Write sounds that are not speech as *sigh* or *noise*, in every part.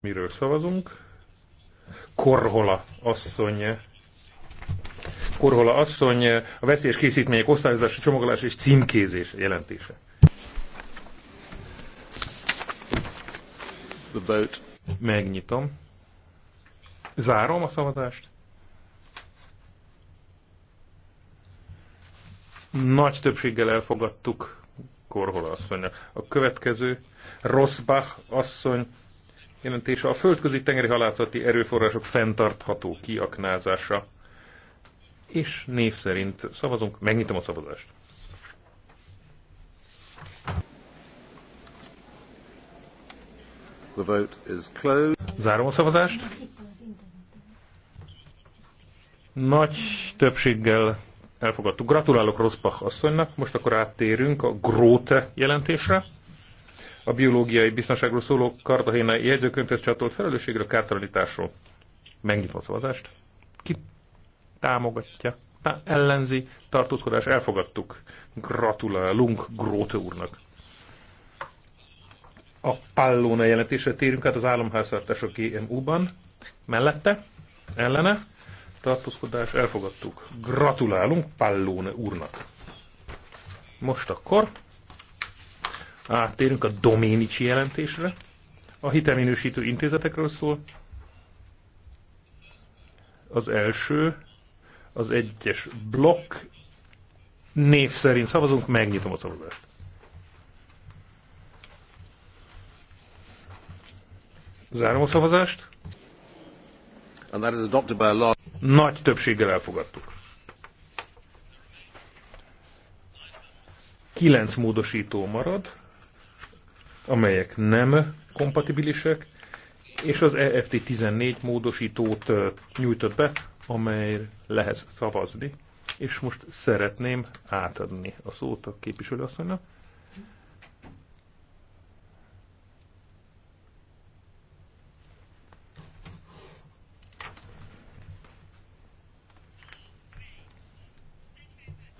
miről szavazunk. Korhola asszony. Korhola asszony a veszélyes készítmények osztályozása, csomagolás és címkézés jelentése. The vote. Megnyitom. Zárom a szavazást. Nagy többséggel elfogadtuk Korhola asszonynak. A következő Rosbach asszony jelentése a földközi tengeri halászati erőforrások fenntartható kiaknázása. És név szerint szavazunk, megnyitom a szavazást. The vote is closed. Zárom a szavazást. Nagy többséggel elfogadtuk. Gratulálok Rosbach asszonynak. Most akkor áttérünk a Gróte jelentésre a biológiai biztonságról szóló kartahénai jegyzőkönyvhöz csatolt felelősségről, kártalanításról. Megnyitom szavazást. Ki támogatja? Tá ellenzi tartózkodás elfogadtuk. Gratulálunk Gróte úrnak. A Pallóna jelentésre térünk át az államháztartás a GMU-ban. Mellette, ellene, tartózkodás elfogadtuk. Gratulálunk Pallóna úrnak. Most akkor Áttérünk a Doménicsi jelentésre. A hitelminősítő intézetekről szól. Az első, az egyes blokk. Név szerint szavazunk, megnyitom a szavazást. Zárom a szavazást. And that is adopted by a law. Nagy többséggel elfogadtuk. Kilenc módosító marad amelyek nem kompatibilisek, és az EFT 14 módosítót nyújtott be, amely lehet szavazni. És most szeretném átadni a szót a képviselőasszonynak.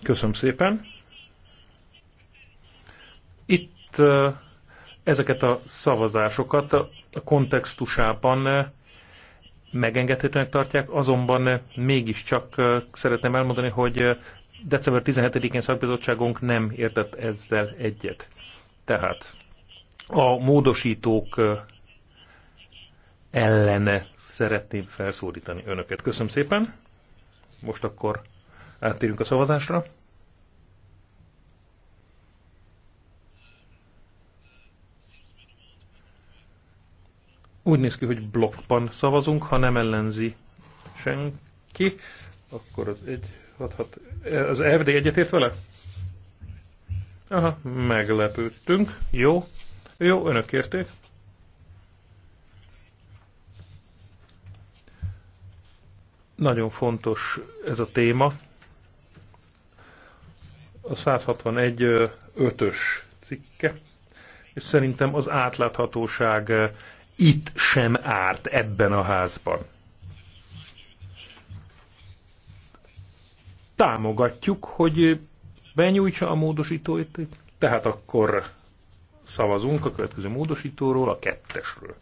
Köszönöm szépen. Itt ezeket a szavazásokat a kontextusában megengedhetőnek tartják, azonban mégiscsak szeretném elmondani, hogy december 17-én szakbizottságunk nem értett ezzel egyet. Tehát a módosítók ellene szeretném felszólítani önöket. Köszönöm szépen. Most akkor áttérünk a szavazásra. Úgy néz ki, hogy blokkban szavazunk, ha nem ellenzi senki, akkor az egy, hat, hat, az FD egyetért vele? Aha, meglepődtünk. Jó. Jó, önök kérték. Nagyon fontos ez a téma. A 161 ötös cikke, és szerintem az átláthatóság itt sem árt ebben a házban. Támogatjuk, hogy benyújtsa a módosítóit, tehát akkor szavazunk a következő módosítóról, a kettesről.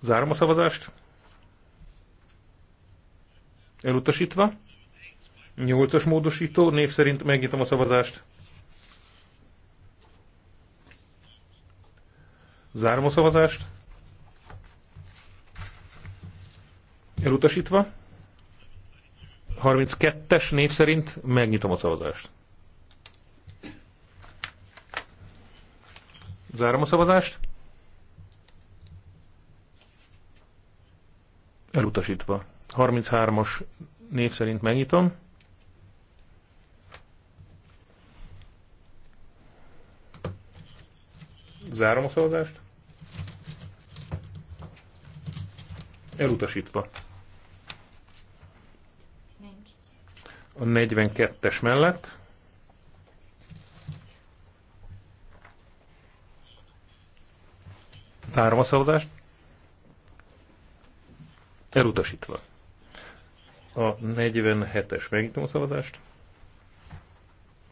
Zárom a szavazást. Elutasítva. Nyolcas módosító, név szerint megnyitom a szavazást. Zárom a szavazást. Elutasítva. 32-es név szerint megnyitom a szavazást. Zárom a szavazást. Elutasítva. 33-as név szerint megnyitom. Zárom a szavazást. Elutasítva. A 42-es mellett. Zárom a szavazást. Elutasítva. A 47-es megnyitom a szavazást.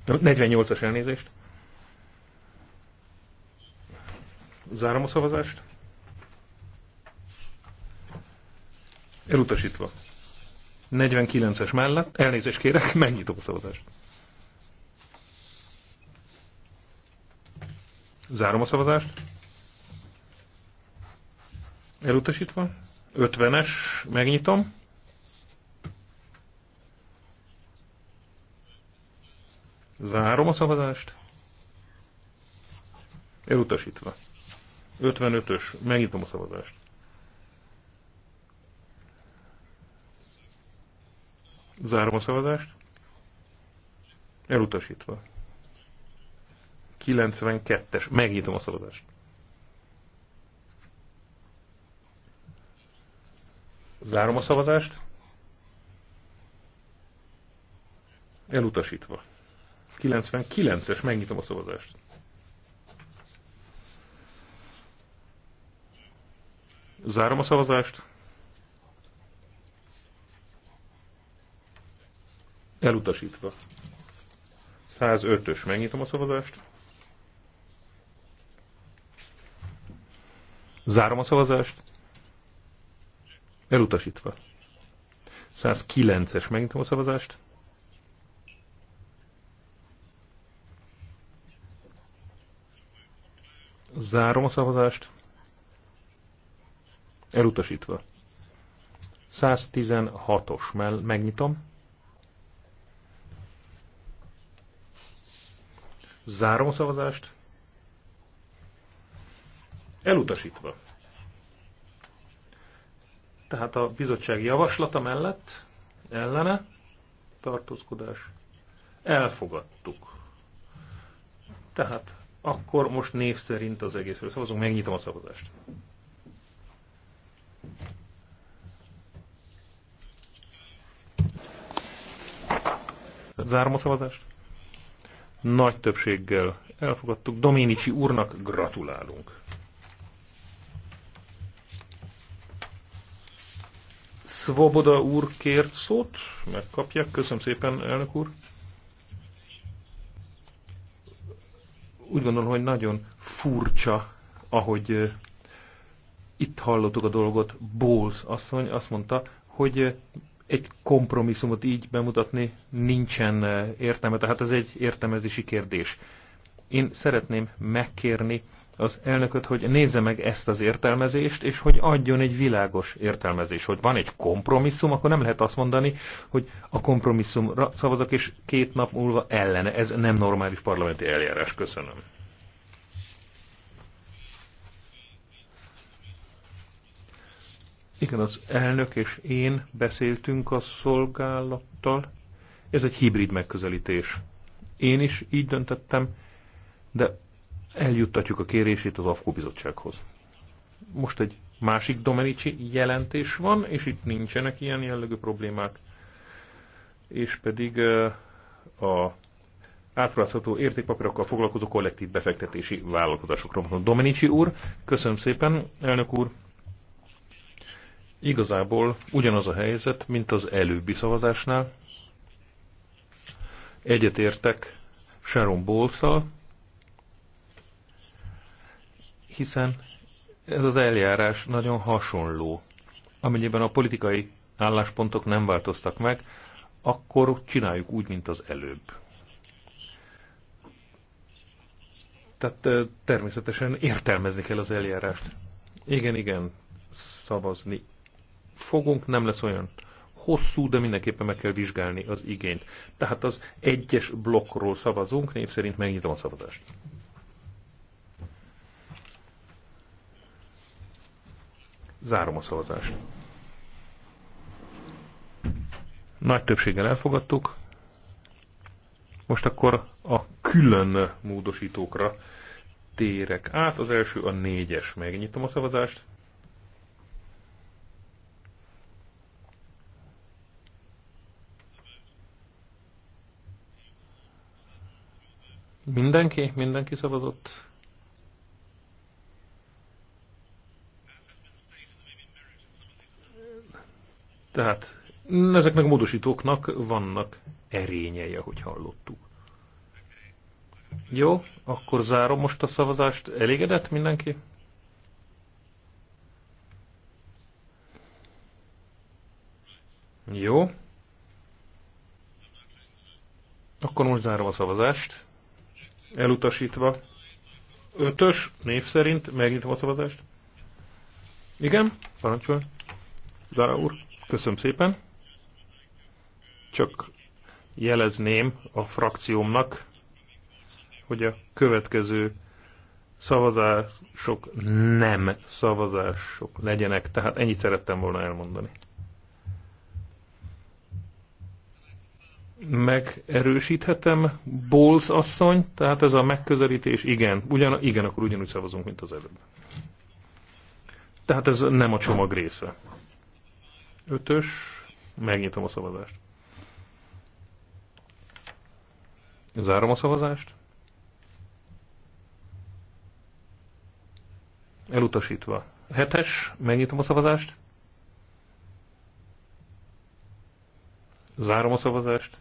48-as elnézést. Zárom a szavazást. Elutasítva. 49-es mellett. Elnézést kérek, *laughs* megnyitom a szavazást. Zárom a szavazást. Elutasítva. 50-es, megnyitom. Zárom a szavazást. Elutasítva. 55-ös, megnyitom a szavazást. Zárom a szavazást. Elutasítva. 92-es. Megnyitom a szavazást. Zárom a szavazást. Elutasítva. 99-es. Megnyitom a szavazást. Zárom a szavazást. Elutasítva. 105-ös. Megnyitom a szavazást. Zárom a szavazást. Elutasítva. 109-es. Megnyitom a szavazást. Zárom a szavazást. Elutasítva. 116-os megnyitom. Zárom a szavazást. Elutasítva. Tehát a bizottság javaslata mellett ellene tartózkodás elfogadtuk. Tehát akkor most név szerint az egészről szavazunk, megnyitom a szavazást. Zárom a szavazást nagy többséggel elfogadtuk. Dominici úrnak gratulálunk. Svoboda úr kért szót, megkapják. Köszönöm szépen, elnök úr. Úgy gondolom, hogy nagyon furcsa, ahogy itt hallottuk a dolgot. Bowles asszony azt mondta, hogy egy kompromisszumot így bemutatni nincsen eh, értelme, tehát ez egy értelmezési kérdés. Én szeretném megkérni az elnököt, hogy nézze meg ezt az értelmezést, és hogy adjon egy világos értelmezés, hogy van egy kompromisszum, akkor nem lehet azt mondani, hogy a kompromisszumra szavazok, és két nap múlva ellene. Ez nem normális parlamenti eljárás. Köszönöm. Igen, az elnök és én beszéltünk a szolgálattal. Ez egy hibrid megközelítés. Én is így döntettem, de eljuttatjuk a kérését az AFKO bizottsághoz. Most egy másik Domenici jelentés van, és itt nincsenek ilyen jellegű problémák. És pedig eh, a átrázható értékpapírokkal foglalkozó kollektív befektetési vállalkozásokról mondom. Domenici úr, köszönöm szépen, elnök úr. Igazából ugyanaz a helyzet, mint az előbbi szavazásnál. Egyetértek Sharon bowles hiszen ez az eljárás nagyon hasonló. Amennyiben a politikai álláspontok nem változtak meg, akkor csináljuk úgy, mint az előbb. Tehát természetesen értelmezni kell az eljárást. Igen, igen, szavazni fogunk nem lesz olyan hosszú, de mindenképpen meg kell vizsgálni az igényt. Tehát az egyes blokkról szavazunk, név szerint megnyitom a szavazást. Zárom a szavazást. Nagy többséggel elfogadtuk. Most akkor a külön módosítókra térek át. Az első a négyes. Megnyitom a szavazást. Mindenki? Mindenki szavazott? Tehát ezeknek a módosítóknak vannak erényei, ahogy hallottuk. Jó, akkor zárom most a szavazást. Elégedett mindenki? Jó. Akkor most zárom a szavazást elutasítva. Ötös név szerint megnyitom a szavazást. Igen, parancsol. Zara úr, köszönöm szépen. Csak jelezném a frakciómnak, hogy a következő szavazások nem szavazások legyenek. Tehát ennyit szerettem volna elmondani. megerősíthetem, Bowles asszony, tehát ez a megközelítés igen, ugyan, igen, akkor ugyanúgy szavazunk, mint az előbb. Tehát ez nem a csomag része. Ötös, megnyitom a szavazást. Zárom a szavazást. Elutasítva. Hetes, megnyitom a szavazást. Zárom a szavazást.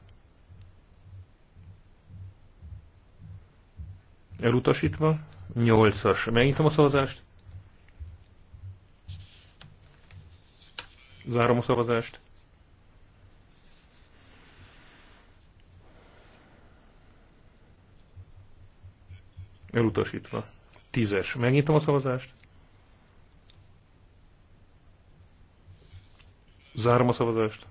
elutasítva. 8-as. Megnyitom a szavazást. Zárom a szavazást. Elutasítva. Tízes. Megnyitom a szavazást. Zárom a szavazást.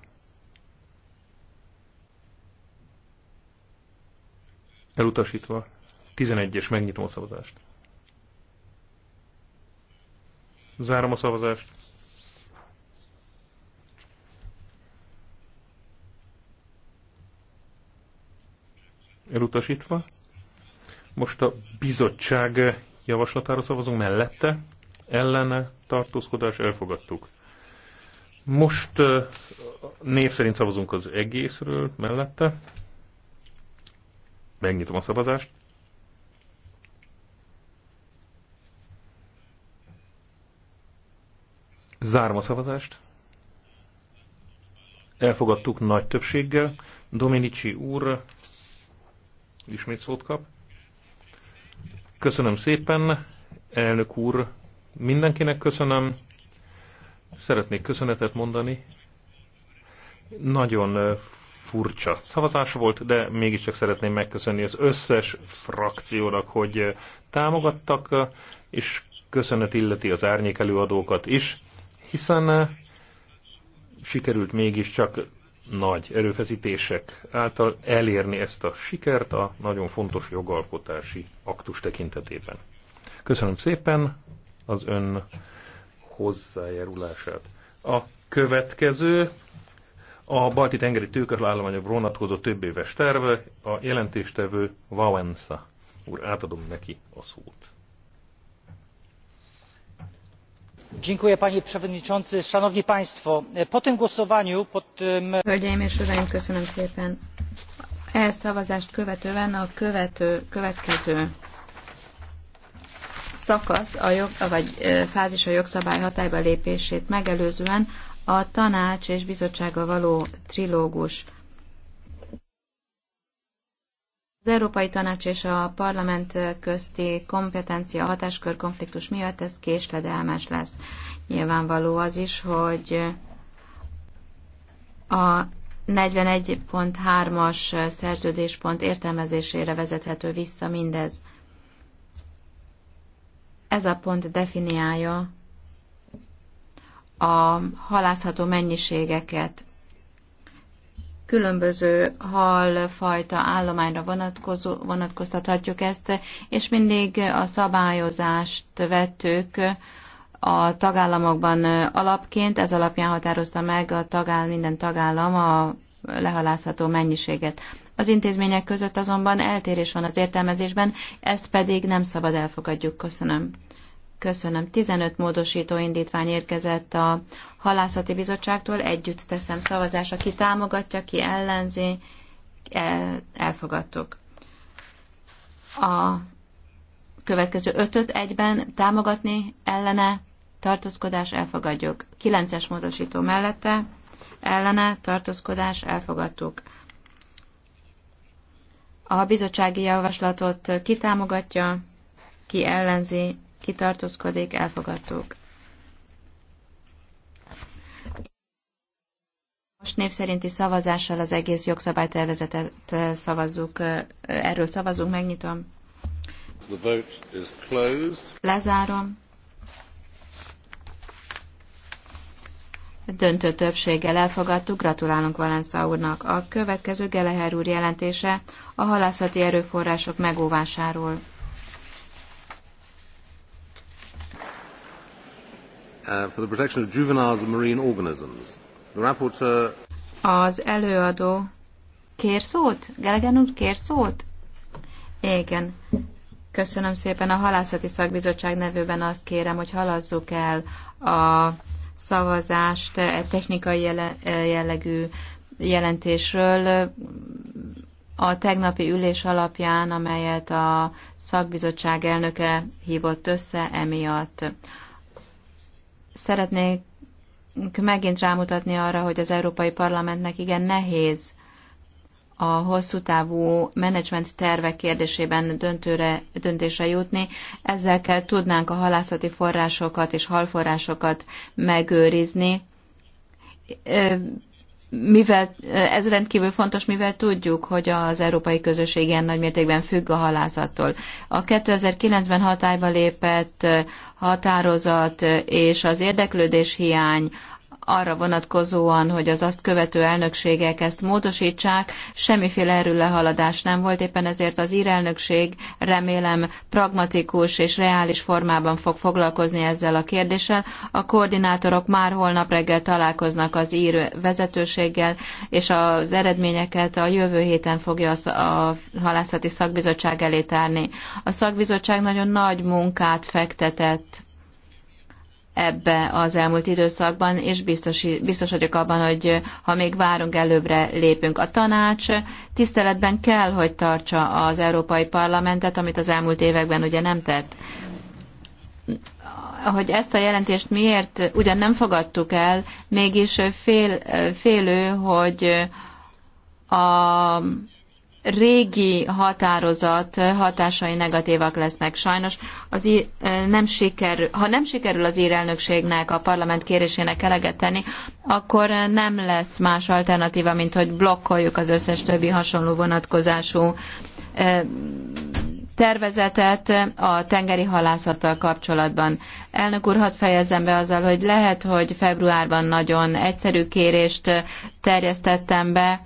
Elutasítva. 11-es, megnyitom a szavazást. Zárom a szavazást. Elutasítva. Most a bizottság javaslatára szavazunk mellette, ellene tartózkodás elfogadtuk. Most név szerint szavazunk az egészről mellette. Megnyitom a szavazást. Zárom a szavazást. Elfogadtuk nagy többséggel. Dominici úr ismét szót kap. Köszönöm szépen, elnök úr, mindenkinek köszönöm. Szeretnék köszönetet mondani. Nagyon furcsa szavazás volt, de mégiscsak szeretném megköszönni az összes frakciónak, hogy támogattak, és köszönet illeti az árnyék előadókat is, hiszen eh, sikerült mégiscsak nagy erőfeszítések által elérni ezt a sikert a nagyon fontos jogalkotási aktus tekintetében. Köszönöm szépen az ön hozzájárulását. A következő a balti tengeri tőkeállományok vonatkozó több éves terve, a jelentéstevő Valensa úr, átadom neki a szót. panie przewodniczący! po tym głosowaniu po tym. hölgyeim és uraim köszönöm szépen! e szavazást követően a következő szakasz a vagy fázis a jogszabály hatályba lépését megelőzően a tanács és bizottsága való trilógus az Európai Tanács és a Parlament közti kompetencia hatáskör konfliktus miatt ez késledelmes lesz. Nyilvánvaló az is, hogy a 41.3-as szerződéspont értelmezésére vezethető vissza mindez. Ez a pont definiálja a halászható mennyiségeket, különböző halfajta állományra vonatkozó, vonatkoztathatjuk ezt, és mindig a szabályozást vettük a tagállamokban alapként, ez alapján határozta meg a tagáll minden tagállam a lehalászható mennyiséget. Az intézmények között azonban eltérés van az értelmezésben, ezt pedig nem szabad elfogadjuk. Köszönöm. Köszönöm. 15 módosító indítvány érkezett a Halászati Bizottságtól. Együtt teszem szavazásra. Ki támogatja, ki ellenzi. E, elfogadtuk. A következő ötöt egyben támogatni, ellene, tartózkodás, elfogadjuk. 9-es módosító mellette, ellene, tartózkodás, elfogadtuk. A bizottsági javaslatot ki támogatja, ki ellenzi, kitartózkodik, elfogadtuk. Most név szerinti szavazással az egész jogszabálytervezetet szavazzuk, erről szavazunk, megnyitom. The vote is closed. Lezárom. Döntő többséggel elfogadtuk, gratulálunk Valenza úrnak. A következő Geleher úr jelentése a halászati erőforrások megóvásáról. Uh, for the protection of juveniles and marine organisms. The rapporteur... Az előadó kér szót? Gelegen úr kér szót? Igen. Köszönöm szépen. A Halászati Szakbizottság nevében azt kérem, hogy halazzuk el a szavazást egy technikai jellegű jelentésről a tegnapi ülés alapján, amelyet a szakbizottság elnöke hívott össze emiatt szeretnék megint rámutatni arra, hogy az Európai Parlamentnek igen nehéz a hosszú távú menedzsment tervek kérdésében döntőre, döntésre jutni. Ezzel kell tudnánk a halászati forrásokat és halforrásokat megőrizni mivel ez rendkívül fontos, mivel tudjuk, hogy az európai közösség ilyen nagy mértékben függ a halászattól. A 2009-ben hatályba lépett határozat és az érdeklődés hiány arra vonatkozóan, hogy az azt követő elnökségek ezt módosítsák, semmiféle lehaladás nem volt, éppen ezért az írelnökség remélem pragmatikus és reális formában fog foglalkozni ezzel a kérdéssel. A koordinátorok már holnap reggel találkoznak az ír vezetőséggel, és az eredményeket a jövő héten fogja a halászati szakbizottság elé tárni. A szakbizottság nagyon nagy munkát fektetett ebbe az elmúlt időszakban, és biztos, biztos vagyok abban, hogy ha még várunk, előbbre lépünk. A tanács tiszteletben kell, hogy tartsa az Európai Parlamentet, amit az elmúlt években ugye nem tett hogy ezt a jelentést miért ugyan nem fogadtuk el, mégis fél, félő, hogy a régi határozat hatásai negatívak lesznek. Sajnos az nem sikerül, ha nem sikerül az írelnökségnek elnökségnek, a parlament kérésének eleget tenni, akkor nem lesz más alternatíva, mint hogy blokkoljuk az összes többi hasonló vonatkozású tervezetet a tengeri halászattal kapcsolatban. Elnök úr, hadd fejezem be azzal, hogy lehet, hogy februárban nagyon egyszerű kérést terjesztettem be,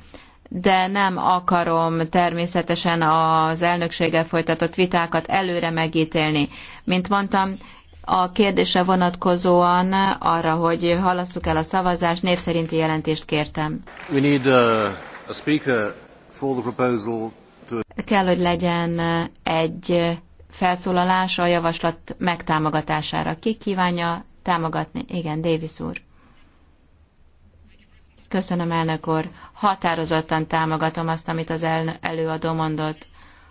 de nem akarom természetesen az elnökséggel folytatott vitákat előre megítélni. Mint mondtam, a kérdése vonatkozóan arra, hogy halasszuk el a szavazást, név szerinti jelentést kértem. We need a, uh, a speaker for the proposal to... Kell, hogy legyen uh, egy uh, felszólalás a javaslat megtámogatására. Ki kívánja támogatni? Igen, Davis úr. Köszönöm, elnök úr. Határozottan támogatom azt, amit az előadó mondott.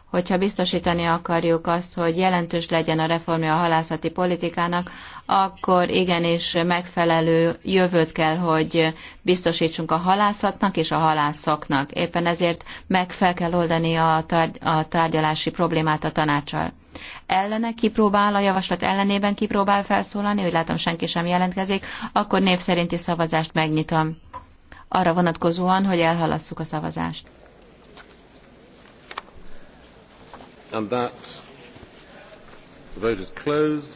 Hogyha biztosítani akarjuk azt, hogy jelentős legyen a reformja a halászati politikának, akkor igenis megfelelő jövőt kell, hogy biztosítsunk a halászatnak és a halászoknak. Éppen ezért meg fel kell oldani a, tárgy, a tárgyalási problémát a tanácsal. Ellene kipróbál, a javaslat ellenében kipróbál felszólalni, úgy látom senki sem jelentkezik, akkor név szerinti szavazást megnyitom arra vonatkozóan, hogy elhalasszuk a szavazást. And that vote is closed.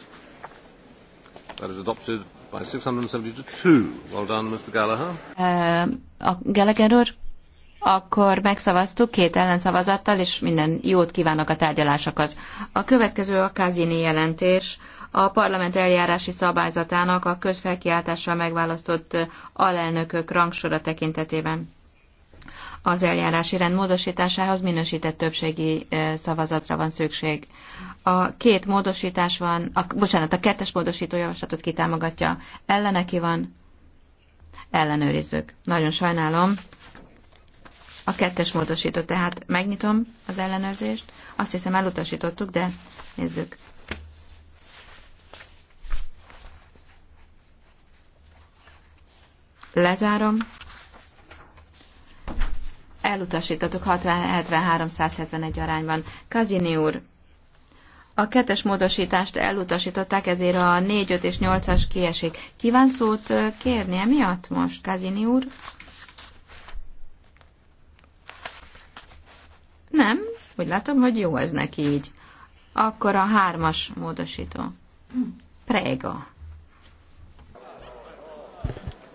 That is adopted by 672. Well done, Mr. Gallagher. Uh, a Gallagher úr, akkor megszavaztuk két ellenszavazattal, és minden jót kívánok a tárgyalásokhoz. A következő a Kazini jelentés, a parlament eljárási szabályzatának a közfelkiáltással megválasztott alelnökök rangsora tekintetében. Az eljárási rend módosításához minősített többségi eh, szavazatra van szükség. A két módosítás van, a, bocsánat, a kettes módosító javaslatot kitámogatja. Elleneki van? Ellenőrizzük. Nagyon sajnálom. A kettes módosító, tehát megnyitom az ellenőrzést. Azt hiszem elutasítottuk, de nézzük. Lezárom. Elutasítatok 60-73-171 arányban. Kazini úr, a kettes módosítást elutasították, ezért a 4, 5 és 8-as kiesik. Kíván szót kérni emiatt most, Kazini úr? Nem, úgy látom, hogy jó ez neki így. Akkor a hármas módosító. Prega.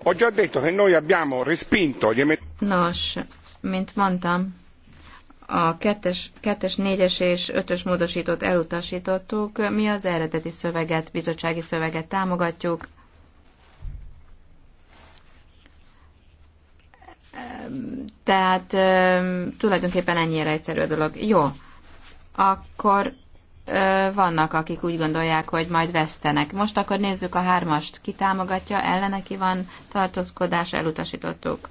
Ho già detto che noi abbiamo respinto gli emendamenti. Nos, mint mondtam, a kettes, kettes, négyes és ötös módosítót elutasítottuk. Mi az eredeti szöveget, bizottsági szöveget támogatjuk. Tehát tulajdonképpen ennyire egyszerű a dolog. Jó, akkor vannak, akik úgy gondolják, hogy majd vesztenek. Most akkor nézzük a hármast. Ki támogatja, ellene ki van, tartózkodás, elutasítottuk.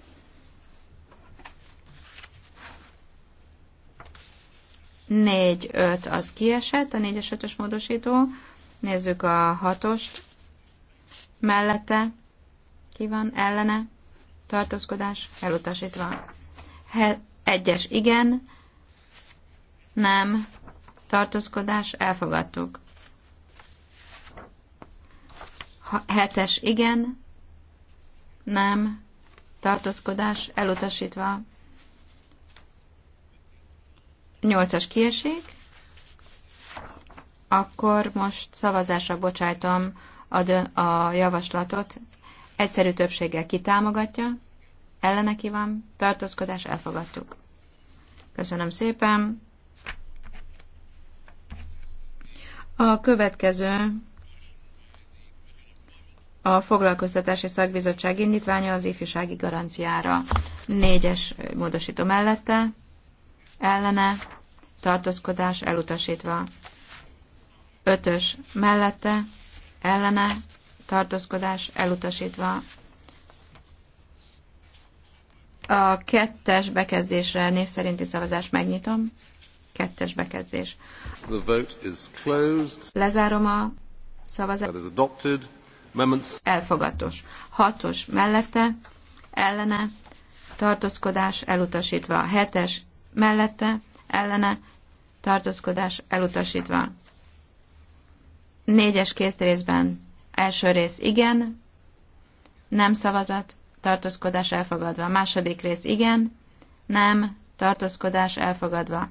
Négy, öt az kiesett, a négyes ötös módosító. Nézzük a hatost. Mellette ki van, ellene, tartózkodás, elutasítva. He, egyes, igen, nem, tartózkodás, elfogadtuk. Hetes igen, nem, tartózkodás, elutasítva. Nyolcas kiesik, akkor most szavazásra bocsájtom a, a javaslatot. Egyszerű többséggel kitámogatja, ellene ki van, tartózkodás, elfogadtuk. Köszönöm szépen! A következő a foglalkoztatási szakbizottság indítványa az ifjúsági garanciára. Négyes módosító mellette, ellene, tartózkodás elutasítva. Ötös mellette, ellene, tartózkodás elutasítva. A kettes bekezdésre név szerinti szavazást megnyitom kettes bekezdés. The vote is closed. Lezárom a szavazást. Elfogatos. Hatos mellette, ellene, tartózkodás elutasítva. Hetes mellette, ellene, tartózkodás elutasítva. Négyes készrészben első rész igen, nem szavazat, tartózkodás elfogadva. Második rész igen, nem, tartózkodás elfogadva.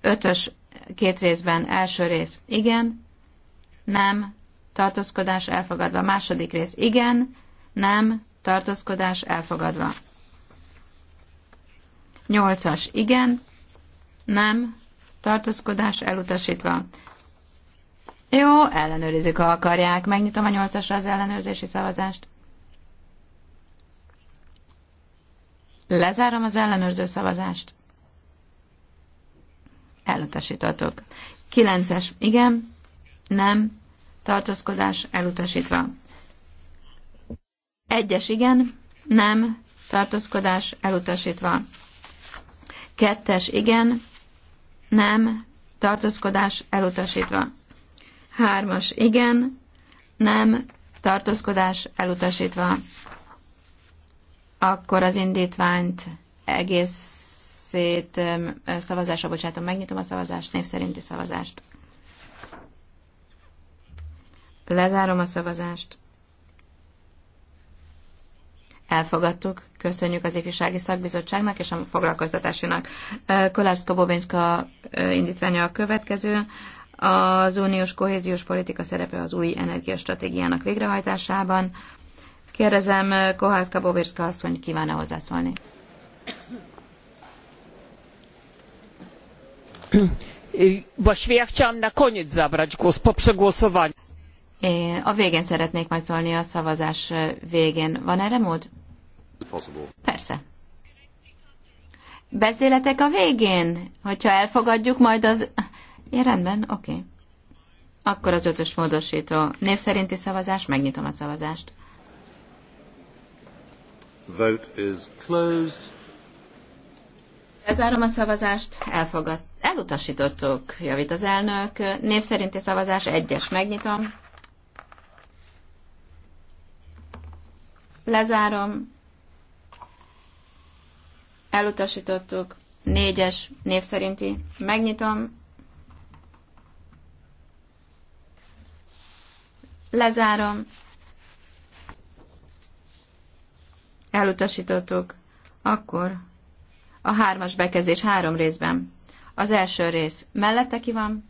Ötös két részben első rész. Igen, nem, tartózkodás elfogadva. Második rész. Igen, nem, tartózkodás elfogadva. Nyolcas. Igen, nem, tartózkodás elutasítva. Jó, ellenőrizzük, ha akarják. Megnyitom a nyolcasra az ellenőrzési szavazást. Lezárom az ellenőrző szavazást elutasítottuk. 9-es, igen, nem, tartózkodás elutasítva. 1-es, igen, nem, tartózkodás elutasítva. 2-es, igen, nem, tartózkodás elutasítva. 3-as, igen, nem, tartózkodás elutasítva. Akkor az indítványt egész szét szavazásra bocsátom, megnyitom a szavazást, név szerinti szavazást. Lezárom a szavazást. Elfogadtuk. Köszönjük az ifjúsági szakbizottságnak és a foglalkoztatásinak. Kolászka Bobinska indítványa a következő. Az uniós kohéziós politika szerepe az új energiastratégiának végrehajtásában. Kérdezem, Kohászka Bobirska asszony kíván-e hozzászólni. Właściwie ja chciałam na koniec zabrać głos po przegłosowaniu. A végén szeretnék majd szólni a szavazás végén. Van erre mód? Persze. Beszéletek a végén, hogyha elfogadjuk majd az... Ja, rendben, oké. Okay. Akkor az ötös módosító. Név szerinti szavazás, megnyitom a szavazást. Vote is closed. Lezárom a szavazást, elfogad. Elutasítottuk, javít az elnök. Név szerinti szavazás, egyes, megnyitom. Lezárom. Elutasítottuk. Négyes, név szerinti. Megnyitom. Lezárom. Elutasítottuk. Akkor a hármas bekezdés három részben. Az első rész mellette ki van,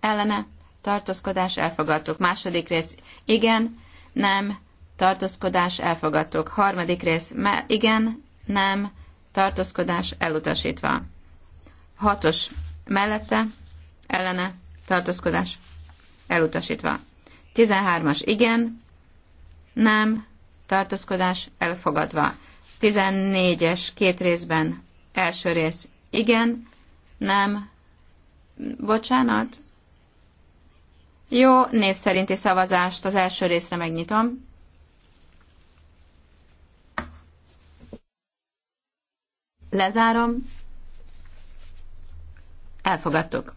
ellene, tartózkodás, elfogadtuk. Második rész igen, nem, tartózkodás, elfogadtuk. Harmadik rész me- igen, nem, tartózkodás, elutasítva. Hatos mellette, ellene, tartózkodás, elutasítva. Tizenhármas igen, nem, tartózkodás elfogadva. 14-es két részben Első rész. Igen, nem, bocsánat. Jó, név szerinti szavazást az első részre megnyitom. Lezárom. Elfogadtuk.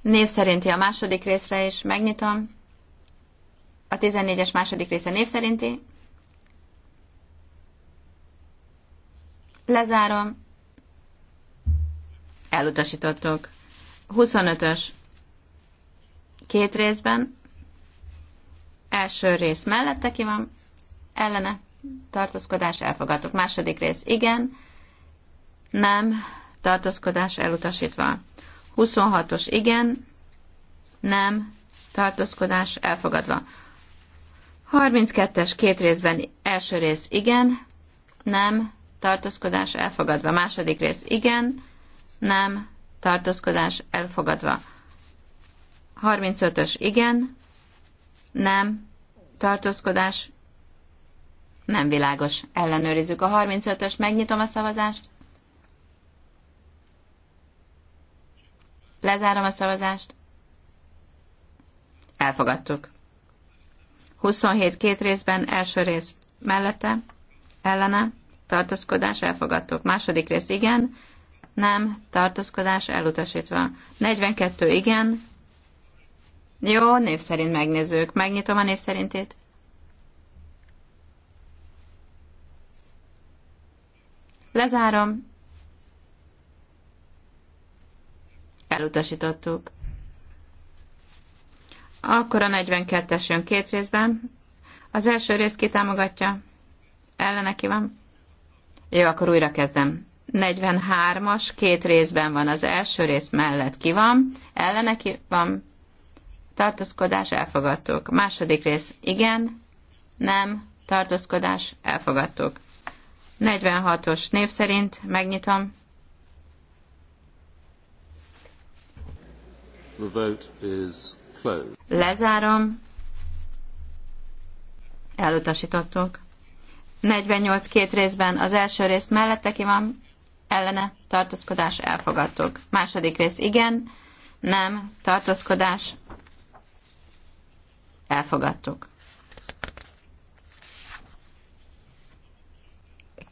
Név szerinti a második részre is megnyitom. A 14-es második része név szerinti. Lezárom. Elutasítottok. 25-ös. Két részben. Első rész mellette ki van. Ellene. Tartózkodás elfogadtuk. Második rész igen. Nem. Tartózkodás elutasítva. 26-os igen. Nem. Tartózkodás elfogadva. 32-es két részben első rész igen, nem, tartózkodás elfogadva. Második rész igen, nem, tartózkodás elfogadva. 35-ös igen, nem, tartózkodás nem világos. Ellenőrizzük a 35-ös, megnyitom a szavazást. Lezárom a szavazást. Elfogadtuk. 27 két részben, első rész mellette, ellene, tartózkodás elfogadtuk. Második rész igen, nem, tartózkodás elutasítva. 42 igen. Jó, név szerint megnézők. Megnyitom a név szerintét. Lezárom. Elutasítottuk. Akkor a 42-es jön két részben. Az első rész kitámogatja. Ellene ki van jó, akkor újra kezdem. 43-as, két részben van az első rész mellett ki van, ellene ki van, tartózkodás, elfogadtuk. Második rész, igen, nem, tartózkodás, elfogadtuk. 46-os név szerint megnyitom. The vote is closed. Lezárom. Elutasítottuk. 48 két részben az első rész mellette ki van, ellene tartózkodás elfogadtuk. Második rész igen, nem, tartózkodás elfogadtuk.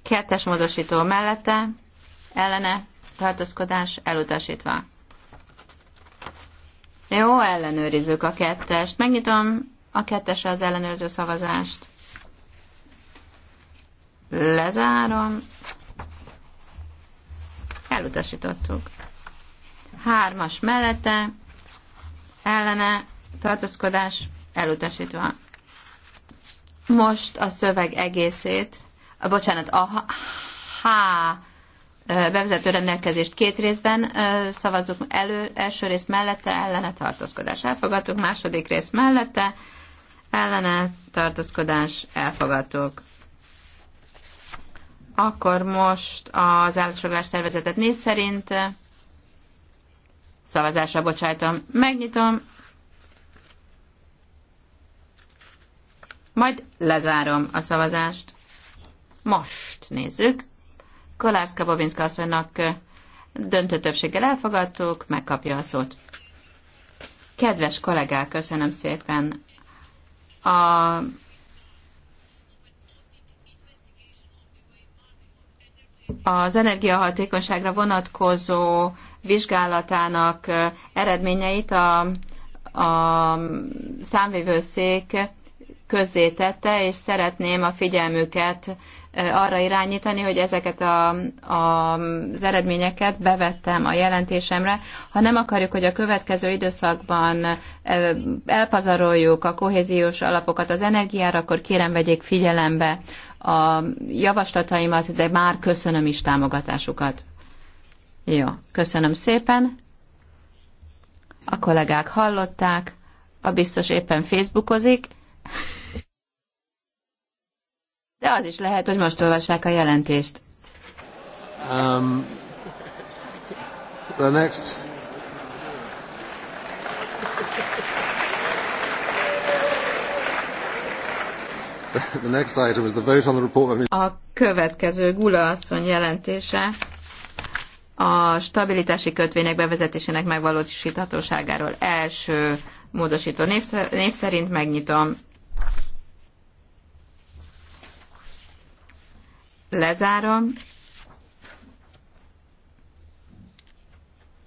Kettes módosító mellette, ellene tartózkodás elutasítva. Jó, ellenőrizzük a kettest. Megnyitom a kettesre az ellenőrző szavazást. Lezárom. Elutasítottuk. Hármas mellette, ellene, tartózkodás, elutasítva. Most a szöveg egészét, a, bocsánat, a H bevezető rendelkezést két részben szavazzuk elő, első rész mellette, ellene tartózkodás elfogadtuk, második rész mellette, ellene tartózkodás elfogadtuk. Akkor most az állásfoglalás tervezetet néz szerint szavazásra bocsájtom. Megnyitom. Majd lezárom a szavazást. Most nézzük. Kolárszka Bobinszka asszonynak döntő többséggel elfogadtuk, megkapja a szót. Kedves kollégák, köszönöm szépen. A az energiahatékonyságra vonatkozó vizsgálatának eredményeit a, a számvévőszék közzétette, és szeretném a figyelmüket arra irányítani, hogy ezeket a, a, az eredményeket bevettem a jelentésemre. Ha nem akarjuk, hogy a következő időszakban elpazaroljuk a kohéziós alapokat az energiára, akkor kérem vegyék figyelembe a javaslataimat, de már köszönöm is támogatásukat. Jó, köszönöm szépen. A kollégák hallották, a biztos éppen Facebookozik, de az is lehet, hogy most olvassák a jelentést. Um, the next *laughs* The next item is the vote on the report. A következő Gula asszony jelentése a stabilitási kötvények bevezetésének megvalósíthatóságáról. Első módosító név, név szerint megnyitom. Lezárom.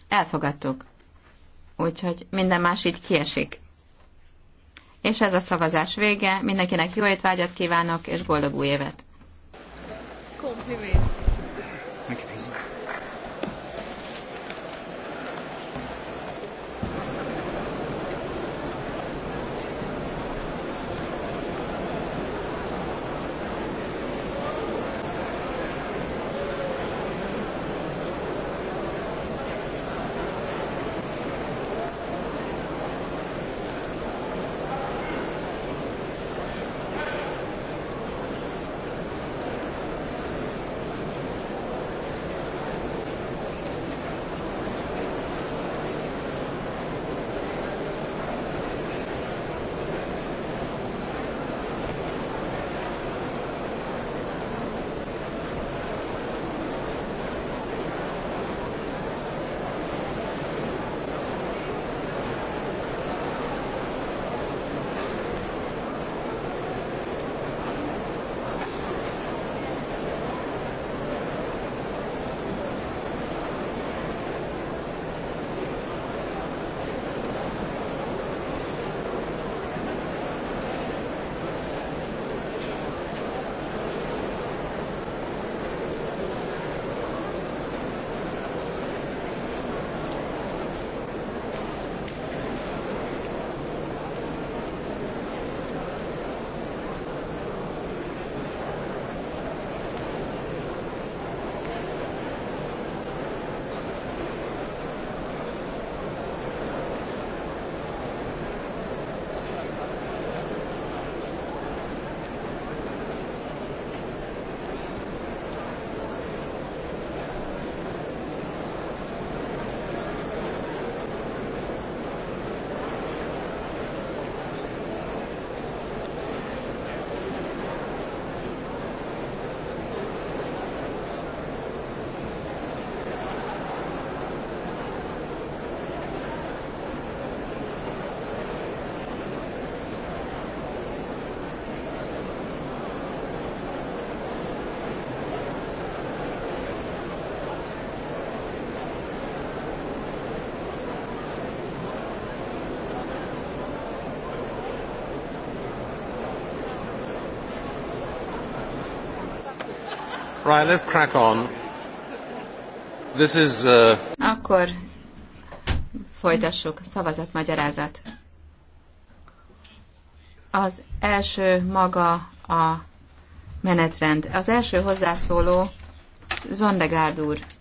Elfogadtuk. Úgyhogy minden más így kiesik. És ez a szavazás vége. Mindenkinek jó étvágyat kívánok, és boldog új évet! Kompliment. Right, let's crack on. This is, uh... Akkor folytassuk. Szavazatmagyarázat. Az első maga a menetrend. Az első hozzászóló Zondegárd úr.